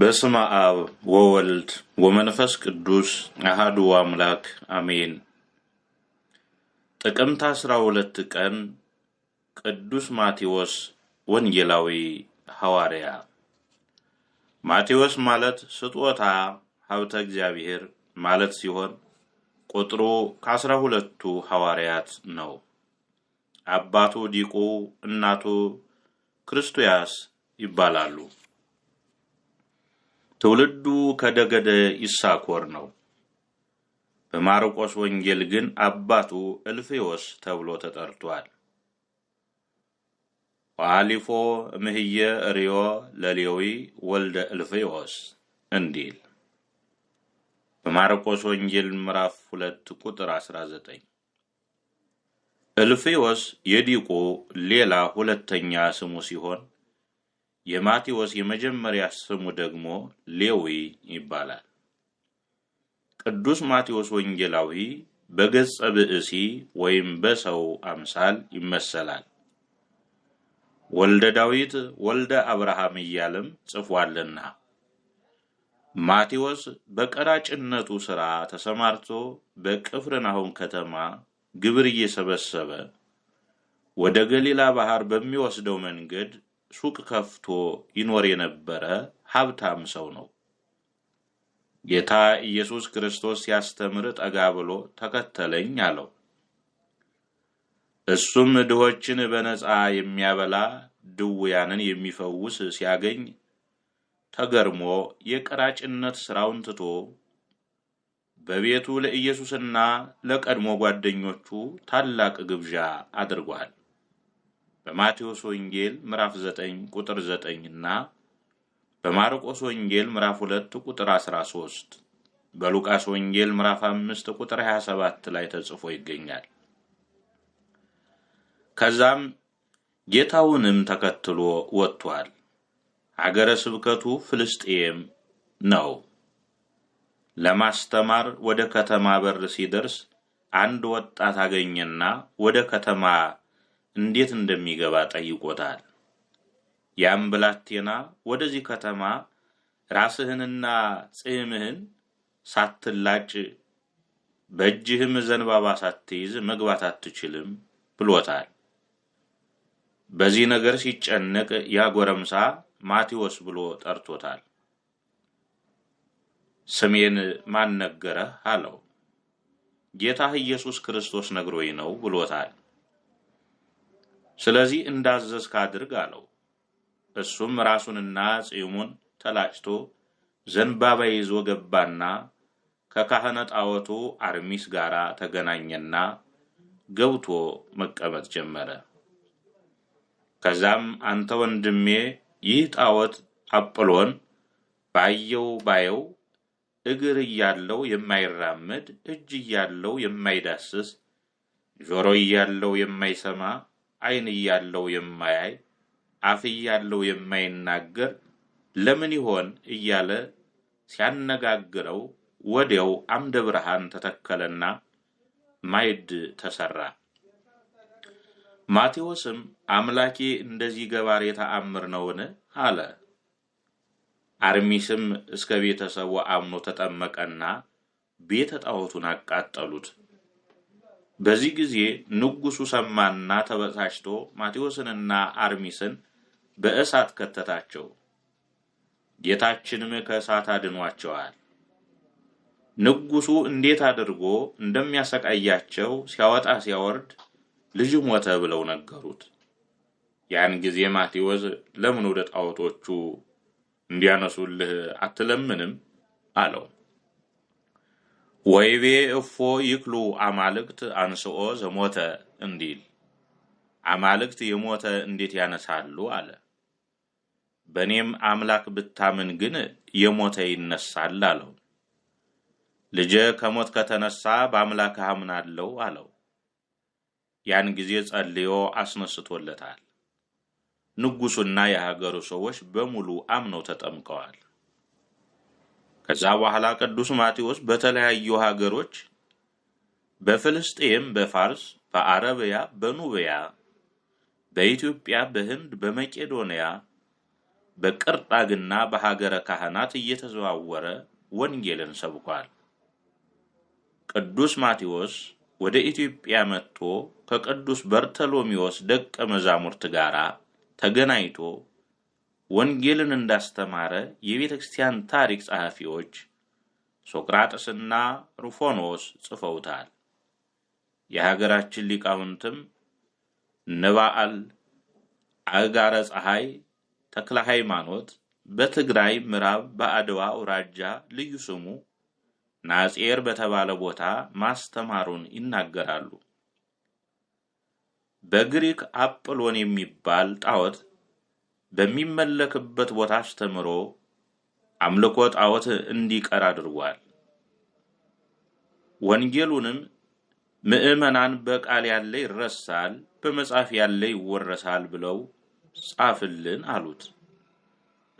በስመ አብ ወወልድ ወመንፈስ ቅዱስ አሃዱ አምላክ አሜን። ጥቅምት አስራ ሁለት ቀን ቅዱስ ማቴዎስ ወንጌላዊ ሐዋርያ። ማቴዎስ ማለት ስጦታ ሀብተ እግዚአብሔር ማለት ሲሆን ቁጥሩ ከአስራ ሁለቱ ሐዋርያት ነው። አባቱ ዲቁ፣ እናቱ ክርስቶያስ ይባላሉ። ትውልዱ ከደገደ ይሳኮር ነው። በማርቆስ ወንጌል ግን አባቱ እልፌዎስ ተብሎ ተጠርቷል። ወአሊፎ ምህየ ርዮ ለሌዊ ወልደ እልፌዎስ እንዲል በማርቆስ ወንጌል ምዕራፍ ሁለት ቁጥር 19 እልፌዎስ የዲቁ ሌላ ሁለተኛ ስሙ ሲሆን የማቴዎስ የመጀመሪያ ስሙ ደግሞ ሌዊ ይባላል። ቅዱስ ማቴዎስ ወንጌላዊ በገጸ ብእሲ ወይም በሰው አምሳል ይመሰላል። ወልደ ዳዊት ወልደ አብርሃም እያለም ጽፏልና። ማቴዎስ በቀራጭነቱ ሥራ ተሰማርቶ በቅፍርናሆም ከተማ ግብር እየሰበሰበ ወደ ገሊላ ባሕር በሚወስደው መንገድ ሱቅ ከፍቶ ይኖር የነበረ ሀብታም ሰው ነው። ጌታ ኢየሱስ ክርስቶስ ሲያስተምር ጠጋ ብሎ ተከተለኝ አለው። እሱም ድሆችን በነፃ የሚያበላ ድውያንን የሚፈውስ ሲያገኝ ተገርሞ የቀራጭነት ሥራውን ትቶ በቤቱ ለኢየሱስና ለቀድሞ ጓደኞቹ ታላቅ ግብዣ አድርጓል። በማቴዎስ ወንጌል ምዕራፍ 9 ቁጥር 9 እና በማርቆስ ወንጌል ምዕራፍ 2 ቁጥር 13 በሉቃስ ወንጌል ምዕራፍ 5 ቁጥር 27 ላይ ተጽፎ ይገኛል። ከዛም ጌታውንም ተከትሎ ወጥቷል። አገረ ስብከቱ ፍልስጤም ነው። ለማስተማር ወደ ከተማ በር ሲደርስ አንድ ወጣት አገኘና ወደ ከተማ እንዴት እንደሚገባ ጠይቆታል። ያም ብላቴና ወደዚህ ከተማ ራስህንና ጽህምህን ሳትላጭ በእጅህም ዘንባባ ሳትይዝ መግባት አትችልም ብሎታል። በዚህ ነገር ሲጨነቅ ያ ጎረምሳ ማቴዎስ ብሎ ጠርቶታል። ስሜን ማን ነገረህ አለው። ጌታህ ኢየሱስ ክርስቶስ ነግሮኝ ነው ብሎታል። ስለዚህ እንዳዘዝክ አድርግ አለው። እሱም ራሱንና ጺሙን ተላጭቶ ዘንባባ ይዞ ገባና ከካህነ ጣዖቱ አርሚስ ጋር ተገናኘና ገብቶ መቀመጥ ጀመረ። ከዛም አንተ ወንድሜ ይህ ጣዖት አጵሎን ባየው ባየው እግር እያለው የማይራመድ እጅ እያለው የማይዳስስ ጆሮ እያለው የማይሰማ ዓይን እያለው የማያይ አፍ እያለው የማይናገር ለምን ይሆን እያለ ሲያነጋግረው ወዲያው አምደ ብርሃን ተተከለና ማዕድ ተሰራ። ማቴዎስም አምላኬ እንደዚህ ገባሬ ተአምር ነውን? አለ። አርሚስም እስከ ቤተሰቡ አምኖ ተጠመቀና ቤተ ጣዖቱን አቃጠሉት። በዚህ ጊዜ ንጉሱ ሰማና ተበሳጭቶ ማቴዎስንና አርሚስን በእሳት ከተታቸው። ጌታችንም ከእሳት አድኗቸዋል። ንጉሱ እንዴት አድርጎ እንደሚያሰቃያቸው ሲያወጣ ሲያወርድ ልጅ ሞተ ብለው ነገሩት። ያን ጊዜ ማቴዎስ ለምን ወደ ጣዖቶቹ እንዲያነሱልህ አትለምንም? አለው። ወይቤ እፎ ይክሉ አማልክት አንስኦ ዘሞተ እንዲል አማልክት የሞተ እንዴት ያነሳሉ አለ። በእኔም አምላክ ብታምን ግን የሞተ ይነሳል አለው። ልጀ ከሞት ከተነሳ በአምላክ አምናለሁ አለው። ያን ጊዜ ጸልዮ አስነስቶለታል። ንጉሱና የሀገሩ ሰዎች በሙሉ አምነው ተጠምቀዋል። ከዛ በኋላ ቅዱስ ማቴዎስ በተለያዩ ሀገሮች በፍልስጤም፣ በፋርስ፣ በአረብያ፣ በኑብያ፣ በኢትዮጵያ፣ በህንድ፣ በመቄዶንያ፣ በቅርጣግና በሀገረ ካህናት እየተዘዋወረ ወንጌልን ሰብኳል። ቅዱስ ማቴዎስ ወደ ኢትዮጵያ መጥቶ ከቅዱስ በርተሎሚዎስ ደቀ መዛሙርት ጋር ተገናኝቶ ወንጌልን እንዳስተማረ የቤተ ክርስቲያን ታሪክ ጸሐፊዎች ሶቅራጥስና ሩፎኖስ ጽፈውታል። የሀገራችን ሊቃውንትም ንባአል አጋረ ፀሐይ ተክለ ሃይማኖት በትግራይ ምዕራብ በአድዋ አውራጃ ልዩ ስሙ ናጼር በተባለ ቦታ ማስተማሩን ይናገራሉ። በግሪክ አጵሎን የሚባል ጣዖት በሚመለክበት ቦታ አስተምሮ አምልኮ ጣዖት እንዲቀር አድርጓል። ወንጌሉንም ምዕመናን በቃል ያለ ይረሳል፣ በመጽሐፍ ያለ ይወረሳል ብለው ጻፍልን አሉት።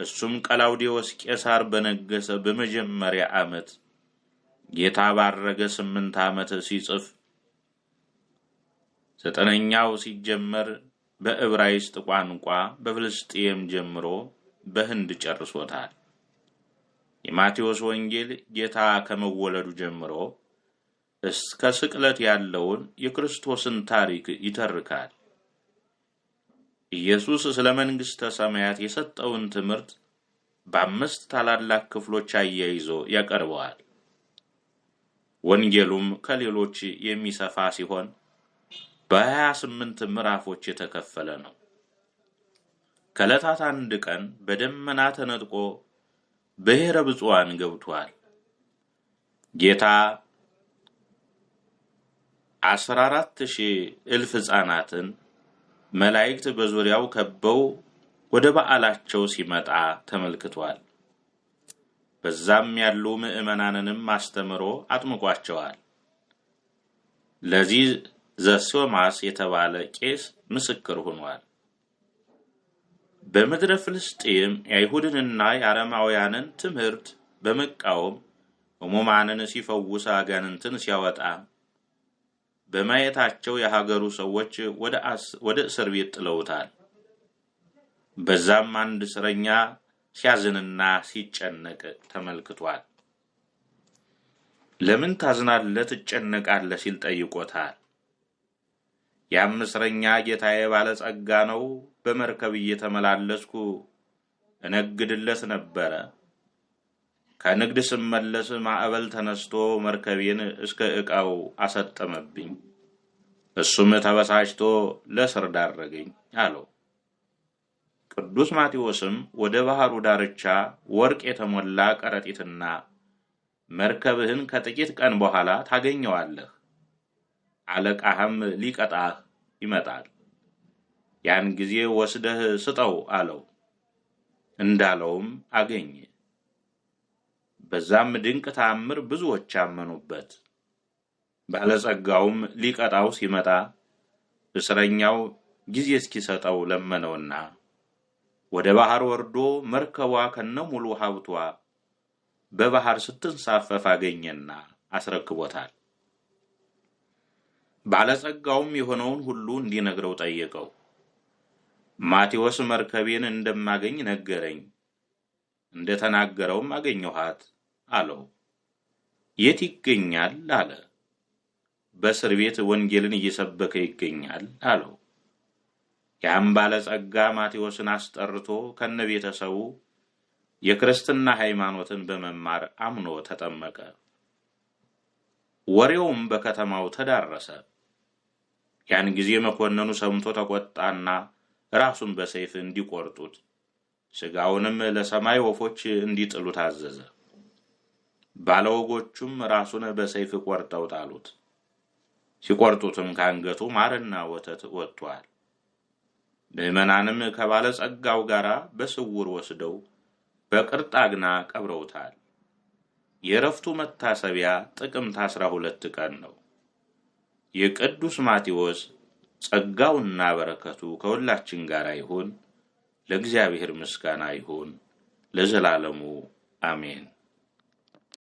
እሱም ቀላውዴዎስ ቄሳር በነገሰ በመጀመሪያ ዓመት ጌታ ባረገ ስምንት ዓመት ሲጽፍ ዘጠነኛው ሲጀመር በዕብራይስጥ ቋንቋ በፍልስጤም ጀምሮ በህንድ ጨርሶታል። የማቴዎስ ወንጌል ጌታ ከመወለዱ ጀምሮ እስከ ስቅለት ያለውን የክርስቶስን ታሪክ ይተርካል። ኢየሱስ ስለ መንግሥተ ሰማያት የሰጠውን ትምህርት በአምስት ታላላቅ ክፍሎች አያይዞ ያቀርበዋል። ወንጌሉም ከሌሎች የሚሰፋ ሲሆን በሀያ ስምንት ምዕራፎች የተከፈለ ነው። ከዕለታት አንድ ቀን በደመና ተነጥቆ ብሔረ ብፁዓን ገብቷል። ጌታ አስራ አራት ሺህ እልፍ ሕፃናትን መላእክት በዙሪያው ከበው ወደ በዓላቸው ሲመጣ ተመልክቷል። በዛም ያሉ ምዕመናንንም አስተምሮ አጥምቋቸዋል። ለዚህ ዘሶማስ የተባለ ቄስ ምስክር ሆኗል። በምድረ ፍልስጤም የአይሁድንና የአረማውያንን ትምህርት በመቃወም ሕሙማንን ሲፈውስ አጋንንትን ሲያወጣ በማየታቸው የሀገሩ ሰዎች ወደ እስር ቤት ጥለውታል። በዛም አንድ እስረኛ ሲያዝንና ሲጨነቅ ተመልክቷል። ለምን ታዝናለህ፣ ትጨነቃለህ ሲል ጠይቆታል። የአምስረኛ ጌታዬ ባለጸጋ ነው። በመርከብ እየተመላለስኩ እነግድለት ነበረ። ከንግድ ስመለስ ማዕበል ተነስቶ መርከቤን እስከ ዕቃው አሰጠመብኝ። እሱም ተበሳጭቶ ለእስር ዳረገኝ አለው። ቅዱስ ማቴዎስም ወደ ባህሩ ዳርቻ ወርቅ የተሞላ ከረጢትና መርከብህን ከጥቂት ቀን በኋላ ታገኘዋለህ አለቃህም ሊቀጣህ ይመጣል። ያን ጊዜ ወስደህ ስጠው አለው። እንዳለውም አገኘ። በዛም ድንቅ ተአምር ብዙዎች አመኑበት። ባለጸጋውም ሊቀጣው ሲመጣ እስረኛው ጊዜ እስኪሰጠው ለመነውና ወደ ባህር ወርዶ መርከቧ ከነሙሉ ሀብቷ በባህር ስትንሳፈፍ አገኘና አስረክቦታል። ባለጸጋውም የሆነውን ሁሉ እንዲነግረው ጠየቀው። ማቴዎስ መርከቤን እንደማገኝ ነገረኝ፣ እንደተናገረውም አገኘኋት አለው። የት ይገኛል አለ። በእስር ቤት ወንጌልን እየሰበከ ይገኛል አለው። ያም ባለጸጋ ማቴዎስን አስጠርቶ ከነ ቤተሰቡ የክርስትና ሃይማኖትን በመማር አምኖ ተጠመቀ። ወሬውም በከተማው ተዳረሰ። ያን ጊዜ መኮንኑ ሰምቶ ተቆጣና ራሱን በሰይፍ እንዲቆርጡት ሥጋውንም ለሰማይ ወፎች እንዲጥሉ ታዘዘ። ባለወጎቹም ራሱን በሰይፍ ቆርጠው ጣሉት። ሲቆርጡትም ከአንገቱ ማርና ወተት ወጥቷል። ምዕመናንም ከባለጸጋው ጋር በስውር ወስደው በቅርጣግና ቀብረውታል። የእረፍቱ መታሰቢያ ጥቅምት አስራ ሁለት ቀን ነው። የቅዱስ ማቴዎስ ጸጋውና በረከቱ ከሁላችን ጋር ይሁን። ለእግዚአብሔር ምስጋና ይሁን ለዘላለሙ አሜን።